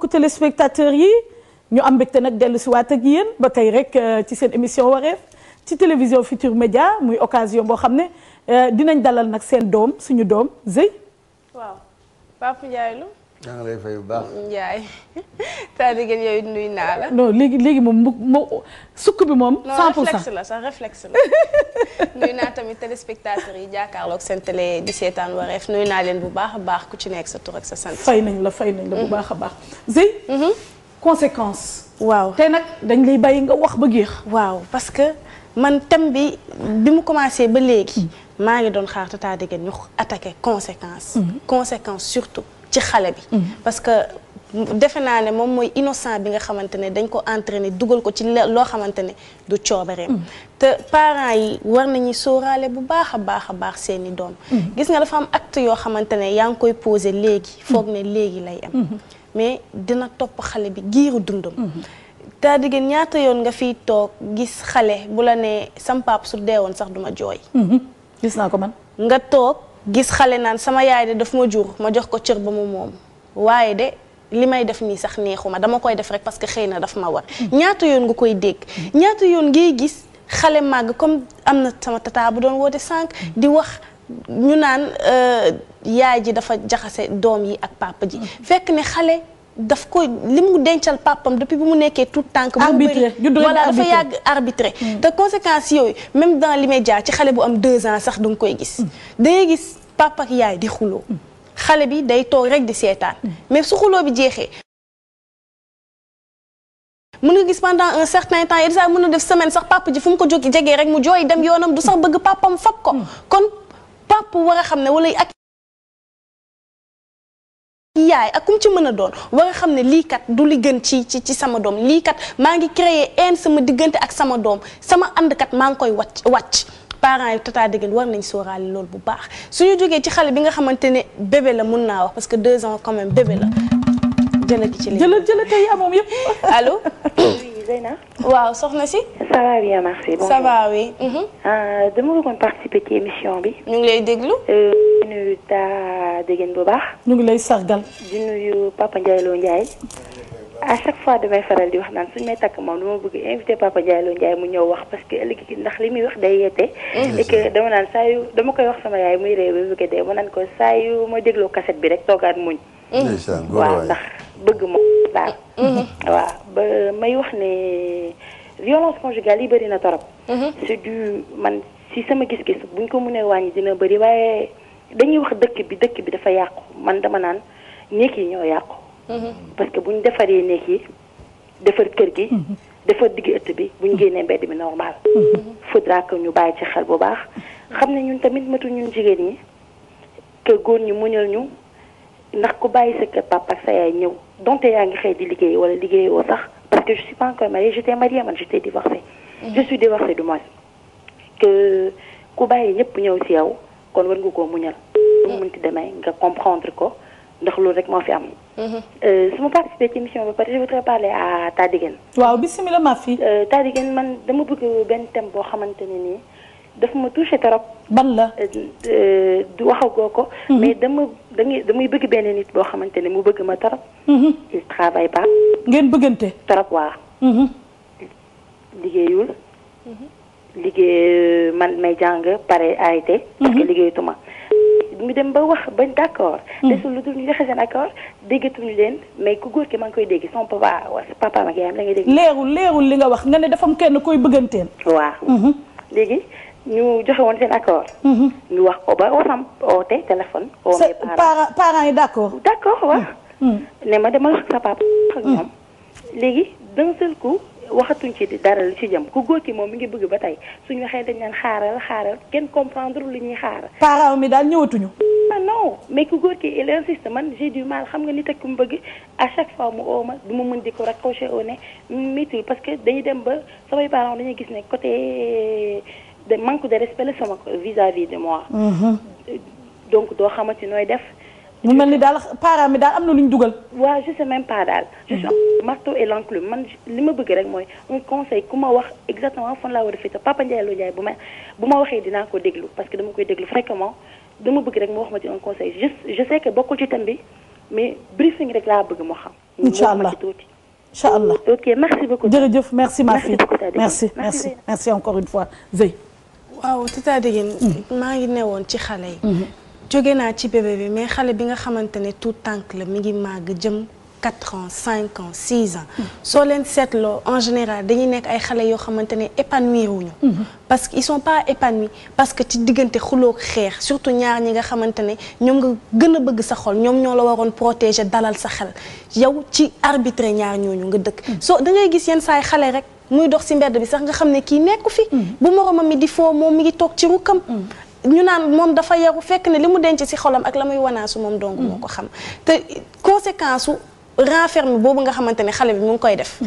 mbokku téléspectateurs yi ñu am mbégte nag dellu si waat ak yéen ba tey rek euh, ci seen émission wareef ci télévision Futur Média muy occasion boo xam ne euh, dinañ dalal nag seen doom suñu doom Zey. waaw Pape Ndiaye maa ngi lay fay bu yooyu nuyu naa la. non léegi léegi moom mu sukk bi moom. 100 pour cent réflexe la sax réflexe la. nuyu naa tamit téléspectateurs yi jàkkaarlook seen télé di seetaan wareef nuyu naa leen bu baax a baax ku ci nekk sa tur ak sa sant. fay nañ la fay nañ la bu mm-hmm. baax a baax. Zey. Mm-hmm. conséquence. waaw te nag dañ lay bàyyi nga wax ba géex. waaw parce que man thème bi bi mu commencé ba léegi. Mm. maa ngi doon xaar Tadegen ñu attaqué conséquence. Mm-hmm. conséquence surtout. ci xale bi mm-hmm. parce que defe naa ne moom mooy innocent bi nga xamante ne dañ ko entraîné dugal ko ci loo xamante ne du coobareem mm-hmm. te parents yi war nañu sooraale bu baax a baax a baax seeni doom mm-hmm. gis nga dafa am acte yoo xamante ne yaa ngi koy posé léegi foog ne léegi lay am mais dina topp xale bi giiru dundam daa diggéen ñaata yoon nga fi toog gis xale bu la ne sam pap su deewoon sax duma jooy gis naa ko man nga toog gis xale naan sama yaay de daf ma jur ma jox ko cër ba mu moom waaye de li may def nii sax neexuma dama koy def rek parce que xëy na daf ma war ñaata yoon nga koy dégg ñaata yoon ngay gis xale màgg comme am na sama tata bu doon woote sànq di wax ñu naan euh, yaay ji dafa jaxase doom yi ak papa ji mm. fekk ne xale daf koy li mu dencal papam depuis bi mu nekkee tout tànk arbitré voilà dafa yàgg arbitré hmm. te conséquences yooyu même dans jaar ci xale bu am deux ans sax da nga koy gis hmm. da gis papa ak yaay di xulo hmm. xale bi day toog rek di seetaan mais su xuloo bi jeexee mën nga gis pendant un certain temps yenn saa mën na def semaine sax papa ji fu mu ko jóg jege rek mu jooy dem yoonam du sax bëgg papam fab ko kon papa war a xam ne wala ak ci yaay ak kum ci mën a doon war a xam ne lii kat du li gën ci ci ci sama doom lii kat maa ngi créer haine sama diggante ak sama doom sama ànd kat maa ngi koy wacc wàcc parents yi tata dëggan war nañ soo sóoraale loolu bu baax su ñu jógee ci xale bi nga xamante ne bébé la mun naa wax parce que deux ans quand même bébé la jëlal ci léegi jëlal jëlal yaa moom yëpp allo. Zeyna. waaw soxna si. ça va bien merci. bonjour ça va mhm. ah, participer ci émission bi. ñu ngi lay déglu. Euh, nuyu taa dégg bu baax. ñu ngi lay sargal. di nuyu papa Ndiaye Lo Ndiaye. à chaque fois damay faral di wax naan suñ may takk moom dama bëgg invité papa Ndiaye Lo Ndiaye mu ñëw wax parce que ëllëg ndax li muy wax day yeete. et que dama naan saa yu dama koy wax sama yaay muy réew bi bëgg dee ma naan ko saa yu ma dégloo kaset bi rek toogaat muñ. Mm. waaw ndax bëgg moom mm-hmm. daal. waaw ba may wax ne violence conjugale yi bëri na torop. Mm-hmm. c'est du man si sama gis-gis buñ ko mënee wàññi dañuy wax dëkk bi dëkk bi dafa yàqu man dama naan néeg yi ñoo yàqu. Mhm. parce que bu ñu defaree néeg yi defar kër gi. Mhm. defar digg ëtt bi bu mhm. génnee mbedd mi normal. faudra que ñu bàyyi ci xel bu baax. xam ne ñun tamit matu ñun jigéen ñi que góor ñu muñal ñu ndax ku bàyyi sa kër papa ak sa yaay ñëw donte yaa ngi xëy di liggéey wala liggéeyoo sax parce que je suis pas encore mariée j'étais mariée man j'étais divorcée. je du moins que ku bàyyi ñëpp ñëw ci yow. kon war nga koo muñal. lu mu mënti mm. demee nga comprendre ko ndax loolu rek moo fi am. Mm-hmm. Euh, su ma participé ci mission bi ba pare je voudrais parler à Tadigen. waaw bisimilah ma fi. Euh, Tadigen man dama bëgg benn thème boo xamante ne nii daf ma touché trop. ban la. Euh, du waxagoo ko. Mm-hmm. mais dama da damay bëgg benn nit boo xamante ne mu bëgg ma trop. Mm-hmm. il travaille pas. ngeen bëggante. trop waaw. liggéeyul. liggéey euh, man may jàng pare arrêté. Mhm. parce que liggéeyatuma. mu dem ba wax bañ d' accord. Mhm. desul lu dul ñu joxe seen accord déggatuñu leen mais ku góor ki maa ngi koy dégg son papa wala papa ma ak yaayam la ngay dégg. leerul leerul li nga wax nga ne dafa kenn koy bëgganteel. waaw. Mhm. léegi ñu joxe woon seen accord. ñu wax ko ba wasam oote téléphone. oo mes parents parents yi d' accord. d' accord ne ma dema wax sa papa. ak ñoom léegi d'un seul coup. waxatuñ ci dara li ci jëm ku góor ki moom mi ngi bëgg ba tey suñu waxee dañ naan xaaral xaaral kenn comprendre lu ñuy xaaral. parents mi daal ñëwatuñu. ah non mais ku góor ki il insiste man j'ai du mal xam nga nit ak ku mu bëgg à chaque fois mu ooma du ma mën di ko raccrocher au nez métti parce que dañuy dem ba samay parents dañuy gis ne coté de manque de respect la sama vis-à-vis de moi. Mhm. donc doo xamante nooy def. mu mel ni daal parents mi daal am na lu ñu dugal. waaw je sais même daal. je suis mm-hmm. marteau et man li ma bëgg rek mooy un conseil ku ma wax exactement fan laa war a féetee papa Ndiaye Lo Ndiaye bu ma bu ma waxee dinaa ko déglu parce que dama koy déglu fréquemment dama bëgg rek mu wax ma ci un conseil je je sais que bokkul ci thème bi mais briefing rek laa bëgg moo xam. incha allah incha allah ok merci beaucoup. jërëjëf merci ma fille merci merci merci encore une fois Zey. waaw tata Degene. Mm-hmm. maa ngi newoon ci xale yi. Mm-hmm. jóge naa ci bébé bi mais xale bi nga xamante ne tout tànk la mi ngi màgg jëm. quatre ans cinq ans six ans hmm. soo leen seetloo en général dañuy nekk ay xale yoo xamante ne épanouir wuñu hmm. parce que ils sont pas épanouis parce que ci diggante xuloo xeex surtout ñaar ñi nga xamante ne ñoom nga gën a bëgg sa xol ñoom ñoo la waroon protéger dalal sa xel yow ci arbitre ñaar ñooñu nga dëkk hmm. soo da gis yenn saay xale rek muy dox si mbedd bi sax nga xam ne kii nekku fi bu moromam mi di foo moom mi ngi toog ci rukkam ñu naan moom dafa yaru fekk ne li mu denc si xolam ak la muy wanaasu moom dong moo ko xam te conséquence su renferme boobu nga xamante ni xale bi mu koy def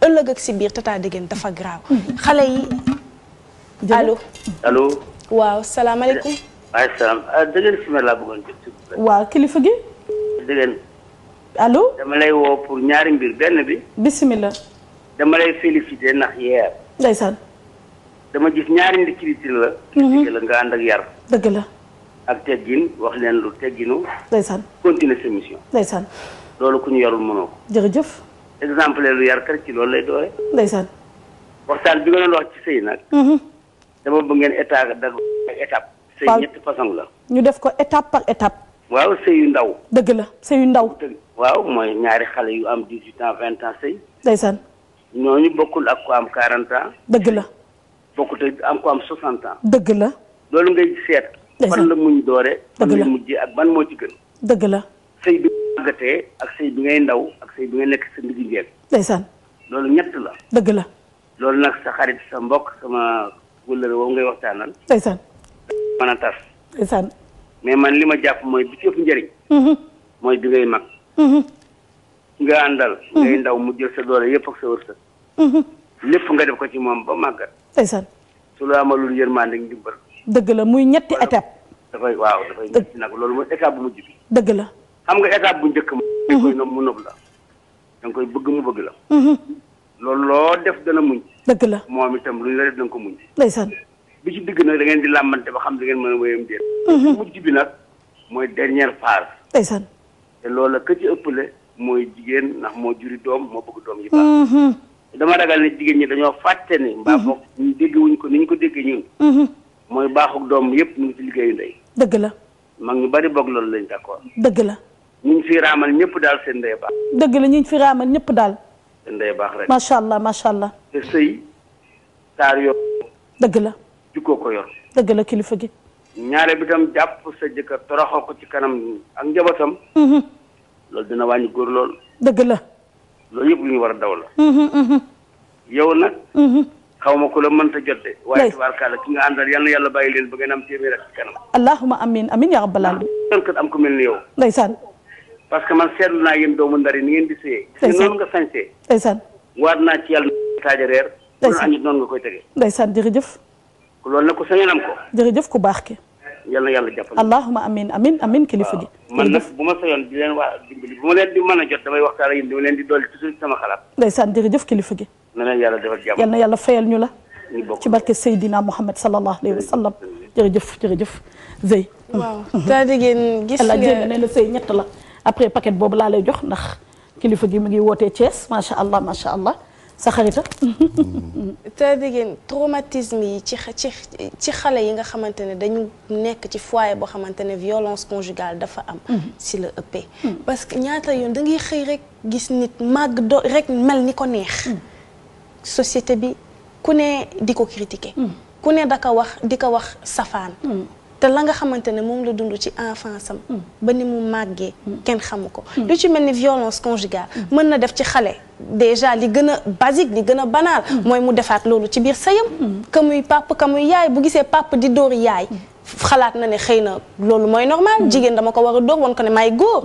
ëllëg ak si biir tata dégg dafa graaw xale yi allo allo waaw salaamaaleykum maaleykum salaam euh, dëggeen si ma laa bëggoon jot waaw kilifa gi dëggeen dama lay woo ñaari mbir benn bi bismillah dama lay féliciter ndax yeer ndeysaan dama gis ñaari nit critique la. Mhm. critique la nga ànd ak yar. dëgg la. ak teggin wax leen lu tegginu. ndeysaan continuer sa mission. ndeysaan loolu ku ñu yarul mënoo ko. jëf exemple lu yar kër ci loolu lay doore. ndeysaan. waxtaan bi nga doon ci sëy nag. Mhm. dama bëgg ngeen état dag étape. sëy ñetti façon la. ñu def ko étape par étape. waaw sëy yu ndaw. dëgg la sëy yu ndaw. waaw mooy ñaari xale yu am dix huit ans vingt ans sëy. ndeysaan. ñooñu bokkul ak ku am quarante ans. dëgg la. bokkut am ko am 60 ans. dëgg la. loolu ngay seet. fan la muñ doore. dëgg la mujjee ak ban moo ci dëgg la. sëy bi màggatee ak ngay ndaw ak sëy bi ngay nekk sa ndigg njëkk. ndeysaan. loolu ñett la. dëgg la. loolu nag sa xarit sa mbokk sama wëllëre woowu ngay waxtaanal. ndeysaan. mën a tas. ndeysaan. mais man li ma jàpp mooy bi ci ëpp njëriñ. Mm-hmm. mooy bi ngay mag. Mm-hmm. nga àndal. Mm-hmm. ngay ndaw mu jël sa doole yëpp ak sa wërsëg. lépp nga def ko ci moom ba màggat. ndeysaan. su la amalul yërmande ak ndimbal. dëgg la muy ñetti étape. dafay waaw dafay ñetti nag loolu mooy étape bu mujj bi. dëgg la. xam nga étape bu njëkk moom. Mhm. da koy mu nob la. da koy bëgg mu bëgg la. Mhm. loolu loo def dana muñ. dëgg la moom itam lu ñu la def da nga ko muñ. ndeysaan. bi ci dëgg nag da ngeen di làmbante ba xam da ngeen mën a wéyam déet. Mhm. mujj bi nag mooy dernière phase. ndeysaan. te loolu la ka ci mooy jigéen ndax moo juri doom moo bëgg doom yi baax. dama ragal ne jigéen ñi dañoo fàtte ne. mbaa mhm. boog ñu dégg ko ni ñu ko déggee ñun. Mhm. mooy baaxu doom yëpp ñu ngi ci liggéeyu ndey. dëgg la. mag ñu bari boog loolu lañ d'accord. dëgg la. ñu ngi fi raamal ñëpp daal seen ndey baax. dëgg la ñu ngi fi raamal ñëpp daal. seen ndey baax rek. macha allah macha allah. te sëy saar yor. dëgg la. jukkoo ko yor. dëgg la kilifa gi. ñaare bi tam jàpp sa jëkkër toroxoo ko ci kanam ak njabootam. Mhm. loolu dina wàññi góor lool. dëgg la. loolu yëpp lu ñu war a daw la. Mhm, mhm. yow nag. Mhm. xaw ma ku la mënta jot de. waaye la ki nga àndal yal na yàlla bàyyi leen ba ngeen am téeméer ak kanam. allahumma amin amin yaa rabbal alamin. kat am ku mel ni yow. parce que man seetlu naa yéen doomu ndar yi ni ngeen di seeyee. ndeysaan noonu nga sañsee. ndeysaan. waat naa ci yàlla taaja reer. ndeysaan noonu nga koy tegee. ndeysaan jërëjëf. loolu na ku sañoon am ko. jërëjëf ku baax ki yal na yàlla jàppale. allahumma amiin amiin amiin kilifa gi. man nag bu ma sayoon di leen waa dimbali bu ma leen di mën a jot damay waxtaan ak yéen dama leen di dolli toujours sama jërëjëf kilifa gi. na leen yàlla yal na yàlla fayal ñu la. ci barke Seydina Muhammad sallallahu alayhi wa sallam jërëjëf jërëjëf Zey. waaw c'est-à-dire ngeen gis nga El nee na Sey ñett la après paquet boobu laa lay jox ndax kilifa gi mu ngi wootee Thiès macha allah macha allah sa xarita c'est-à-dire yi ci ci ci xale yi nga xamante ne dañu nekk ci foyer boo xamante ne violence conjugale dafa am mhm. si la ëppee mhm. parce que ñaata yoon da ngay xëy rek gis nit màgg do rek mel ni ko neex mhm. société bi ku ne di ko critiquer ku ne da wax di ko wax safaan te la nga xamante ne moom la dund ci enfance sam mm. ba ni mu màggee mm. kenn xamu ko mm. lu ci mel ni violence conjugale mën na def ci xale déjà li gën a basique li gën a banal mooy mu defaat loolu ci biir sëyam ka muy papa ka muy yaay bu gisee papa di door yaay xalaat na ne xëy na loolu mooy normal jigéen dama ko war a dóor ko ne may góor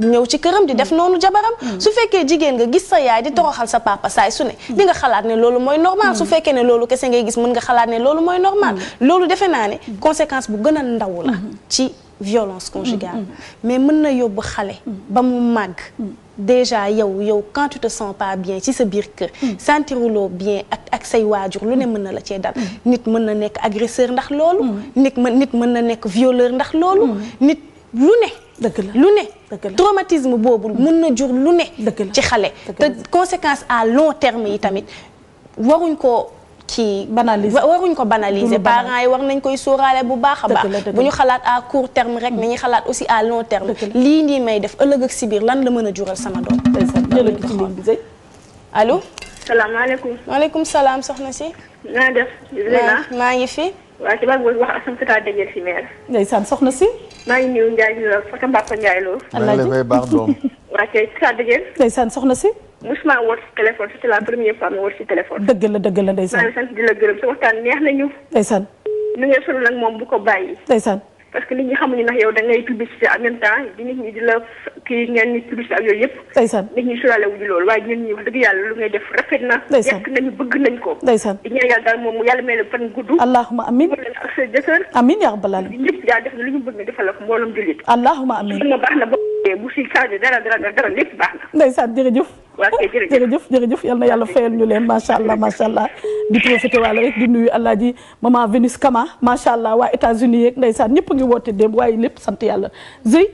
ñëw ci këram di def noonu jabaram mm. su fekkee jigéen nga gis sa yaay di toroxal sa papa saay su ne mm. di nga xalaat ne loolu mooy normal su mm. fekkee ne loolu kese ngay gis mën nga xalaat ne loolu mooy normal loolu defe naa ne conséquence bu gën a ndaw la mm-hmm. ci violence conjugale mm-hmm. mais mën na yóbbu xale ba mu màgg déjà yow yow quand tu te sens pas bien ci sa biir kër sentiruloo bien ak ak say waajur lu ne mën na la cee dal nit mën na nekk agresseur ndax loolu nit mën nit mën na nekk violeur ndax loolu nit lu ne dëgg la lu ne. traumatisme boobu mën mm. na jur lu ne. ci xale te conséquence à long terme yi tamit waruñ ko ci banaliser waruñ ko banaliser parents yi war nañ koy sóoraale bu baax a baax bu ñu xalaat à court terme rek mm. nañu xalaat aussi à long terme lii nii may def ëllëg ak si biir lan la mën a jural sama doom jëlal ci ligne bi allo salaamaaleykum maaleykum salaam soxna si naa def maa ngi fi waaw ci bàgg wax asalaamaaleykum dajeel si meer. ndeysaan soxna si. maa ngi nuyu Ndiaye di la Fatou Mbacke Ndiaye Lo. alaaji maa baax doom. waa kay si saa dajeel. ndeysaan soxna si. musuma woote si téléphone c'est la première fois ma woote si téléphone. dëgg la dëgg la ndeysaan maa ngi sant di la gërëm sa waxtaan neex nañu. ndeysaan. nu ngeen sori nag moom bu ko bàyyi. ndeysaan. parce que nit ñi xamuñu ndax yow da ngay publicité en di nit ñi di la kii ngeen ni publicité ak yooyu yëpp. ndeysaan nit ñi sulaale wuñu loolu waaye ñun ñi wax dëgg lu ngay def rafet na. ndeysaan yekk nañu bëgg nañ ko. ndeysaan di ñaan yàlla daal moom yàlla may fan gudd. allahuma amin yaa rabbal alamin yaa def na lu ñu bëgg nga defal ak mbooloom jullit. allahuma amin si Sadio dara dara dara lépp baax jërëjëf. waaw na yàlla fayal ñu leen macha allah macha allah. di profité waale di nuyu alaaji maman Venus Kama macha allah waa États-Unis yeeg ndeysaan ñëpp a ngi woote démb waaye lépp sant yàlla zëy